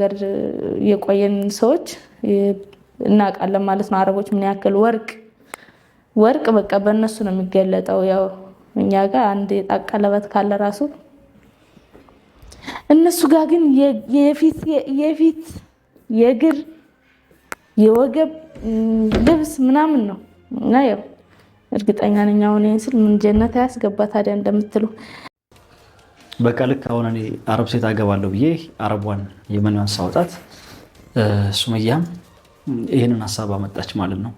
ገር የቆየን ሰዎች እናውቃለን ማለት ነው። አረቦች ምን ያክል ወርቅ ወርቅ በቃ በእነሱ ነው የሚገለጠው። ያው እኛ ጋር አንድ የጣት ቀለበት ካለ ራሱ እነሱ ጋር ግን የፊት የእግር የወገብ ልብስ ምናምን ነው እና ያው እርግጠኛ ነኝ አሁን ይህን ስል ምን ጀነት ያስገባ ታዲያ እንደምትሉ በቃ ልክ አሁን እኔ አረብ ሴት አገባለሁ ብዬ አረቧን የመንዋን ሳወጣት ሱመያም ይህንን ሀሳብ አመጣች ማለት ነው።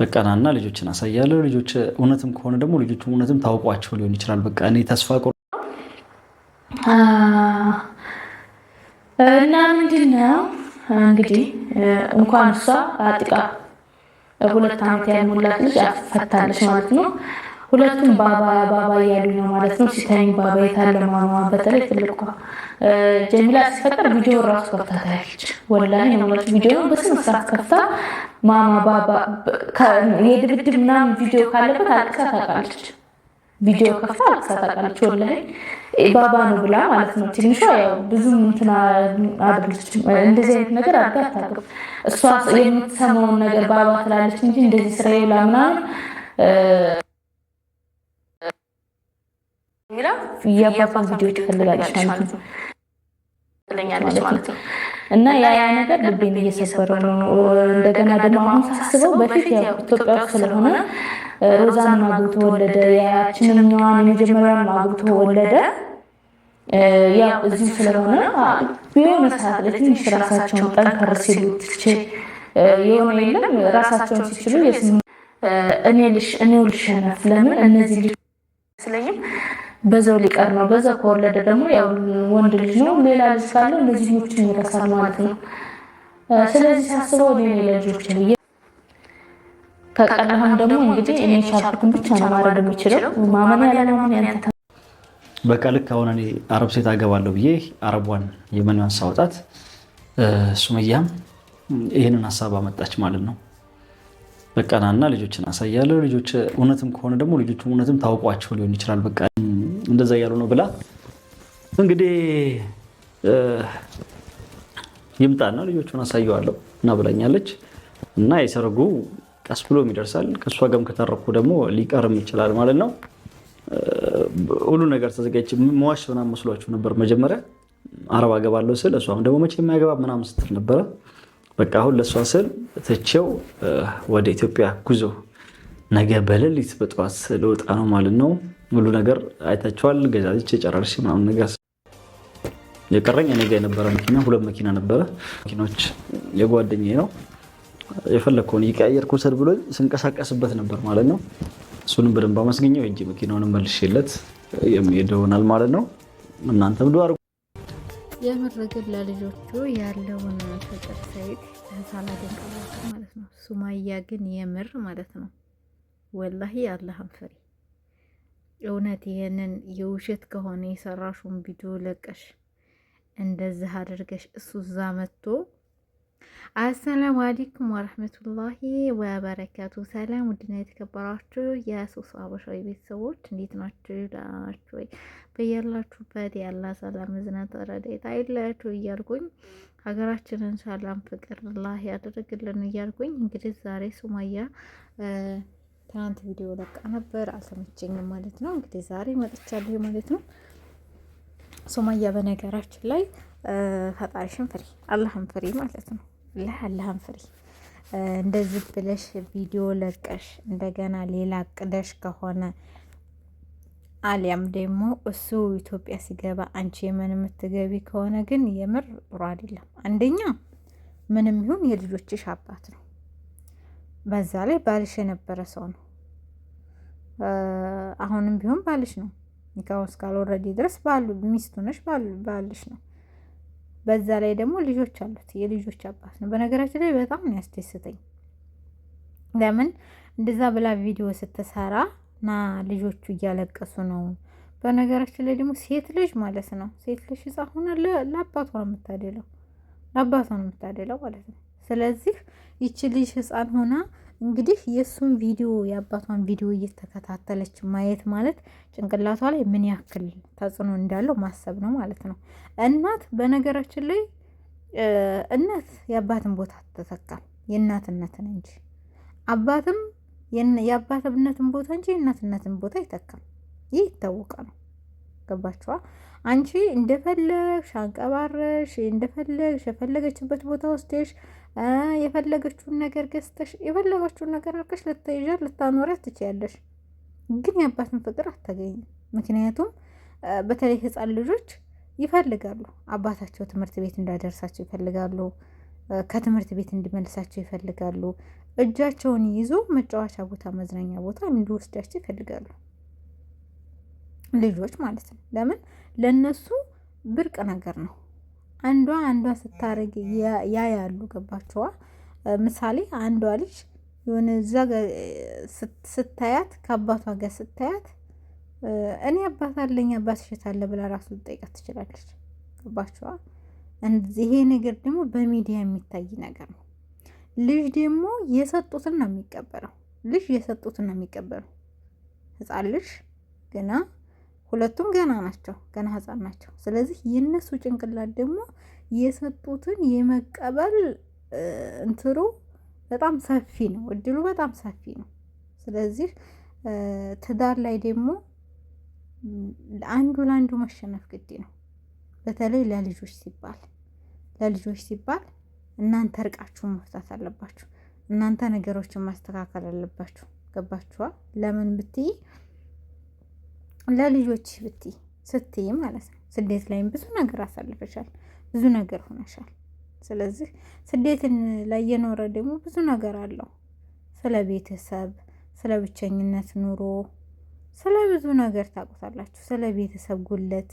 በቃ ናና ልጆችን አሳያለሁ። ልጆች እውነትም ከሆነ ደግሞ ልጆቹ እውነትም ታውቋቸው ሊሆን ይችላል። በቃ እኔ ተስፋ እና ምንድን ነው እንግዲህ እንኳን እሷ አጥቃ ሁለት ዓመት ያልሞላት ልጅ ፈታለች ማለት ነው። ሁለቱም ባባ ባባ እያሉ ነው ማለት ነው። ሲታኝ ባባ የታለ ማማ። በተለይ ትልቋ ጀሚላ ሲፈጠር ቪዲዮ ራሱ ከፍታ ታያለች። ወላሂ የሆነች ቪዲዮ በስነ ስርዓት ከፍታ ማማ ባባ የድብድብ ምናምን ቪዲዮ ካለበት አልቅሳ ታውቃለች። ቪዲዮ ከፍታ አልቅሳ ታውቃለች። ወላሂ ባባ ነው ብላ ማለት ነው። ትንሿ ያው ብዙም እንትና አድርግች እንደዚህ አይነት ነገር አድርጋ አታውቅም። እሷ የምትሰማውን ነገር ባባ ትላለች እንጂ እንደዚህ ስራ ይብላ ምናምን የአባቷን ቪዲዮ ትፈልጋለች ማለት ነው እና ያ ያ ነገር ልቤን እየሰበረ ነው። እንደገና ደግሞ አሁን ሳስበው በፊት ኢትዮጵያ ውስጥ ስለሆነ ሮዛን አግብቶ ወለደ፣ ያችንኛዋን የመጀመሪያውን አግብቶ ወለደ። ያው እዚሁ ስለሆነ የሆነ ሰዓት ለትንሽ ራሳቸውን ጠንከር ሲሉ ትቼ የሆነ የለም ራሳቸውን ሲችሉ እኔ ልሽ እኔው ልሸነፍ ለምን እነዚህ ልጅ ስለኝም በዛው ሊቀር ነው። በዛ ከወለደ ደግሞ ያው ወንድ ልጅ ነው። ሌላ ልጅ ካለው እነዚህ ልጆችን ይረሳል ማለት ነው። ስለዚህ ሳስበው እኔ ለልጆች ብዬ ከቀናህም ደግሞ እንግዲህ እኔ ሻልኩትን ብቻ ነው ማድረግ የሚችለው። ማመን ያለ ማመን ያንተ በቃ ልክ አሁን እኔ አረብ ሴት አገባለሁ ብዬ አረቧን የመንዋን ሳወጣት ሱመያም ይህንን ሀሳብ አመጣች ማለት ነው። በቃ ናና ልጆችን አሳያለሁ ልጆች እውነትም ከሆነ ደግሞ ልጆቹ እውነትም ታውቋቸው ሊሆን ይችላል በቃ እንደዛ እያሉ ነው ብላ እንግዲህ ይምጣና ልጆቹን አሳየዋለሁ እና ብላኛለች። እና የሰርጉ ቀስ ብሎም ይደርሳል። ከእሷ ጋርም ከታረኩ ደግሞ ሊቀርም ይችላል ማለት ነው። ሁሉ ነገር ተዘጋጅ መዋሽ ምናምን መስሏችሁ ነበር መጀመሪያ አረብ አገባለሁ ስል እሷም ደግሞ መቼ የሚያገባ ምናምን ስትል ነበረ። በቃ አሁን ለእሷ ስል ትቼው ወደ ኢትዮጵያ ጉዞ ነገ በሌሊት በጠዋት ልወጣ ነው ማለት ነው። ሙሉ ነገር አይታችኋል። ገዛች ጨራርሽ ምናምን ነገር የቀረኝ እኔ ጋ የነበረ መኪና ሁለት መኪና ነበረ። መኪናዎች የጓደኛዬ ነው። የፈለግከውን እየቀያየርክ ውሰድ ብሎኝ ስንቀሳቀስበት ነበር ማለት ነው። እሱንም በደንብ አመስገኘው እንጂ መኪናውን መልሼለት የሚሄድ ይሆናል ማለት ነው። እናንተም ዱ አርጉ። የምረግብ ለልጆቹ ያለውን ፍቅር ሰይድ ሳላደንቅላቸው ማለት ነው። ሱማያ ግን የምር ማለት ነው ወላሂ አላህን ፈሪ እውነት ይሄንን የውሸት ከሆነ የሰራሹን ቪዲዮ ለቀሽ እንደዚህ አድርገሽ እሱ እዛ መጥቶ አሰላሙ አለይኩም ወረህመቱላሂ ወበረካቱ። ሰላም ውድና የተከበራችሁ የሶስ አበሻዊ ቤተሰቦች እንዴት ናችሁ? ደህና ናችሁ ወይ? በያላችሁበት ያላ ሰላም እዝነት ረዳት አይለያችሁ እያልኩኝ ሀገራችንን ሰላም ፍቅር ላህ ያደረግልን እያልኩኝ እንግዲህ ዛሬ ሱማያ ትናንት ቪዲዮ ለቃ ነበር አልተመቸኝም ማለት ነው። እንግዲህ ዛሬ መጥቻለሁ ማለት ነው። ሶማያ በነገራችን ላይ ፈጣሪሽን ፍሪ፣ አላህን ፍሪ ማለት ነው። አላህን ፍሪ። እንደዚህ ብለሽ ቪዲዮ ለቀሽ እንደገና ሌላ ቅደሽ ከሆነ አሊያም ደግሞ እሱ ኢትዮጵያ ሲገባ አንቺ የመን የምትገቢ ከሆነ ግን የምር ጥሩ አይደለም። አንደኛ ምንም ይሁን የልጆችሽ አባት ነው። በዛ ላይ ባልሽ የነበረ ሰው ነው። አሁንም ቢሆን ባልሽ ነው። ኒካሁ እስካልወረደ ድረስ ባሉ ሚስቱ ነሽ፣ ባልሽ ነው። በዛ ላይ ደግሞ ልጆች አሉት፣ የልጆች አባት ነው። በነገራችን ላይ በጣም ነው ያስደስተኝ። ለምን እንደዛ ብላ ቪዲዮ ስትሰራ ና ልጆቹ እያለቀሱ ነው። በነገራችን ላይ ደግሞ ሴት ልጅ ማለት ነው ሴት ልጅ ሕፃን ሆነ ለአባቷ ነው የምታደለው፣ ለአባቷ ነው የምታደለው ማለት ነው። ስለዚህ ይቺ ልጅ ህፃን ሆና እንግዲህ የእሱን ቪዲዮ የአባቷን ቪዲዮ እየተከታተለች ማየት ማለት ጭንቅላቷ ላይ ምን ያክል ተጽዕኖ እንዳለው ማሰብ ነው ማለት ነው። እናት በነገራችን ላይ እናት የአባትን ቦታ አትተካም፣ የእናትነትን እንጂ አባትም የአባትነትን ቦታ እንጂ የእናትነትን ቦታ አይተካም። ይህ ይታወቃ ነው። ገባችኋ? አንቺ እንደፈለግሽ አንቀባረሽ እንደፈለግሽ የፈለገችበት ቦታ ውስጥሽ የፈለገችውን ነገር ገዝተሽ የፈለገችውን ነገር አርከሽ ልትይዣት ልታኖሪያት ትችያለሽ። ግን የአባትን ፍቅር አታገኝም። ምክንያቱም በተለይ ህፃን ልጆች ይፈልጋሉ። አባታቸው ትምህርት ቤት እንዳደርሳቸው ይፈልጋሉ። ከትምህርት ቤት እንዲመልሳቸው ይፈልጋሉ። እጃቸውን ይዞ መጫወቻ ቦታ፣ መዝናኛ ቦታ እንዲወስዳቸው ይፈልጋሉ። ልጆች ማለት ነው። ለምን ለነሱ ብርቅ ነገር ነው። አንዷ አንዷ ስታደርግ ያ ያሉ ገባቸዋ። ምሳሌ አንዷ ልጅ የሆነ እዛ ስታያት ከአባቷ ጋር ስታያት እኔ አባት አለኝ አባት ሽታለ ብላ ራሱ ልጠይቃት ትችላለች። ገባቸዋ። ይሄ ነገር ደግሞ በሚዲያ የሚታይ ነገር ነው። ልጅ ደግሞ የሰጡትን ነው የሚቀበለው። ልጅ የሰጡትን ነው የሚቀበለው። ህፃን ልጅ ገና ሁለቱም ገና ናቸው፣ ገና ህፃን ናቸው። ስለዚህ የእነሱ ጭንቅላት ደግሞ የሰጡትን የመቀበል እንትሩ በጣም ሰፊ ነው፣ እድሉ በጣም ሰፊ ነው። ስለዚህ ትዳር ላይ ደግሞ አንዱ ለአንዱ መሸነፍ ግድ ነው። በተለይ ለልጆች ሲባል ለልጆች ሲባል እናንተ እርቃችሁ መፍታት አለባችሁ። እናንተ ነገሮችን ማስተካከል አለባችሁ። ገባችኋል? ለምን ብትይ ለልጆች ብቲ ስትይ ማለት ነው። ስደት ላይም ብዙ ነገር አሳልፈሻል፣ ብዙ ነገር ሆነሻል። ስለዚህ ስደትን ላይ የኖረ ደግሞ ብዙ ነገር አለው። ስለ ቤተሰብ፣ ስለ ብቸኝነት ኑሮ፣ ስለ ብዙ ነገር ታውቁታላችሁ። ስለ ቤተሰብ ጉለት፣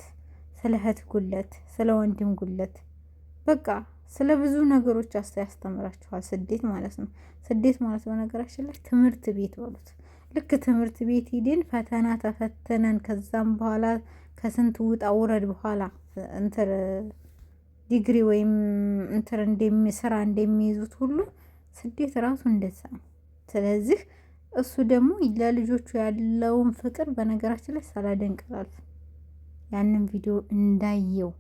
ስለ እህት ጉለት፣ ስለ ወንድም ጉለት፣ በቃ ስለ ብዙ ነገሮች ያስተምራችኋል ስደት ማለት ነው። ስደት ማለት በነገራችን ላይ ትምህርት ቤት በሉት። ልክ ትምህርት ቤት ሂድን ፈተና ተፈተነን ከዛም በኋላ ከስንት ውጣ ውረድ በኋላ እንትር ዲግሪ ወይም እንትር እንደሚ ስራ እንደሚይዙት ሁሉ ስደት ራሱ እንደዛ ነው። ስለዚህ እሱ ደግሞ ለልጆቹ ያለውን ፍቅር በነገራችን ላይ ሳላደንቅላት ያንን ቪዲዮ እንዳየው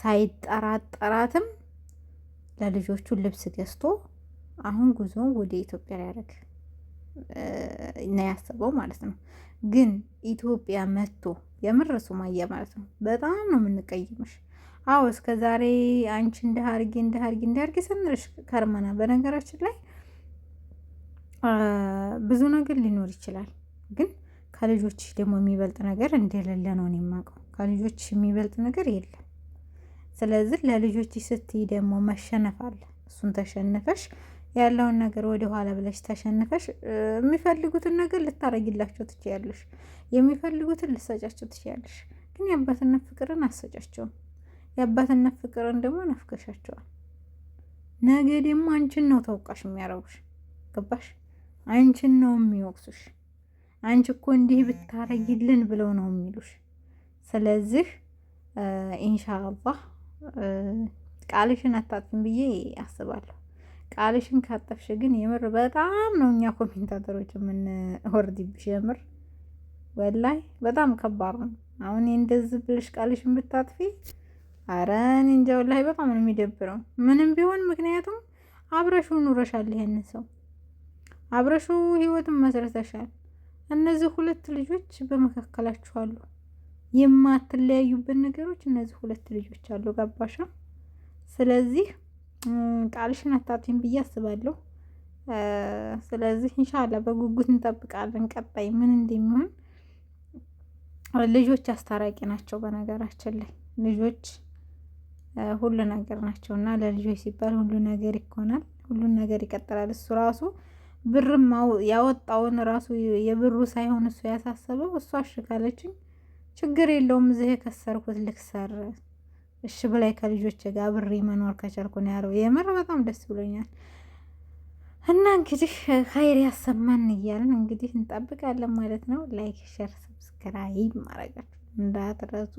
ሳይጠራጠራትም ለልጆቹ ልብስ ገዝቶ አሁን ጉዞ ወደ ኢትዮጵያ ያደረግ እና ያሰበው ማለት ነው። ግን ኢትዮጵያ መጥቶ የምር ሱማያ ማለት ነው በጣም ነው የምንቀይምሽ። አዎ እስከ ዛሬ አንቺ እንዳርጊ እንደ እንዳርጊ ስንልሽ ከርመና። በነገራችን ላይ ብዙ ነገር ሊኖር ይችላል፣ ግን ከልጆች ደግሞ የሚበልጥ ነገር እንደሌለ ነው የማውቀው። ከልጆች የሚበልጥ ነገር የለም። ስለዚህ ለልጆች ስትይ ደግሞ መሸነፍ አለ። እሱን ተሸነፈሽ ያለውን ነገር ወደ ኋላ ብለሽ ተሸንፈሽ የሚፈልጉትን ነገር ልታረጊላቸው ትችያለሽ። የሚፈልጉትን ልሰጫቸው ትችያለሽ። ግን የአባትነት ፍቅርን አሰጫቸውም። የአባትነት ፍቅርን ደግሞ ነፍገሻቸዋል። ነገ ደግሞ አንቺን ነው ተወቃሽ የሚያረጉሽ። ገባሽ? አንቺን ነው የሚወቅሱሽ። አንቺ እኮ እንዲህ ብታረጊልን ብለው ነው የሚሉሽ። ስለዚህ ኢንሻአላህ ቃልሽን አታጥፊም ብዬ አስባለሁ። ቃልሽን ካጠፍሽ ግን የምር በጣም ነው እኛ ኮሜንታተሮች የምንወርድብሽ። የምር ወላይ በጣም ከባድ ነው። አሁን እንደዚህ ብልሽ ቃልሽን ብታጥፊ አረን እንጃ ወላይ በጣም ነው የሚደብረው። ምንም ቢሆን ምክንያቱም አብረሹ ኑረሻል፣ ይሄንን ሰው አብረሹ ህይወትን መስረተሻል። እነዚህ ሁለት ልጆች በመካከላችሁ አሉ። የማትለያዩበት ነገሮች እነዚህ ሁለት ልጆች አሉ። ገባሻ? ስለዚህ ቃልሽን አታጥፊም ብዬ አስባለሁ። ስለዚህ እንሻላ በጉጉት እንጠብቃለን። ቀጣይ ምን እንደሚሆን ልጆች አስታራቂ ናቸው። በነገራችን ላይ ልጆች ሁሉ ነገር ናቸው እና ለልጆች ሲባል ሁሉ ነገር ይኮናል፣ ሁሉ ነገር ይቀጥላል። እሱ ራሱ ብርም ያወጣውን ራሱ የብሩ ሳይሆን እሱ ያሳሰበው እሱ አሽካለችኝ ችግር የለውም እዚህ የከሰርኩት ልክሰር እሺ ብላይ ከልጆች ጋር ብሬ መኖር ከቻልኩ ነው ያለው። የምር በጣም ደስ ብሎኛል። እና እንግዲህ ኸይር ያሰማን እያልን እንግዲህ እንጠብቃለን ማለት ነው። ላይክ፣ ሸር፣ ሰብስክራይብ ማድረጋችሁ እንዳትረሱ።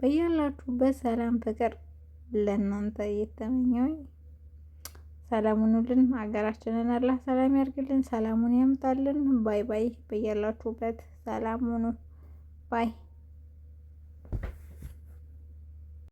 በያላችሁበት ሰላም ፍቅር ለእናንተ እየተመኘሁኝ ሰላሙን ሁሉን ሀገራችንን አላህ ሰላም ያርግልን፣ ሰላሙን ያምጣልን። ባይ ባይ። በያላችሁበት ሰላሙኑ ባይ